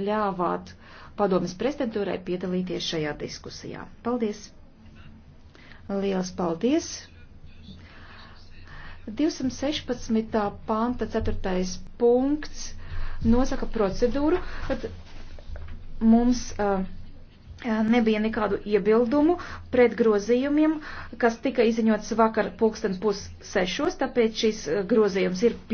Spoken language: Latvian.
ļāvāt padomjas prezidentūrai piedalīties šajā diskusijā. Paldies! Lielas paldies! 216. panta 4. punkts nosaka procedūru, kad mums uh, nebija nekādu iebildumu pret grozījumiem, kas tika izziņots vakar pulkstens pus sešos, tāpēc šis uh, grozījums ir pieejams.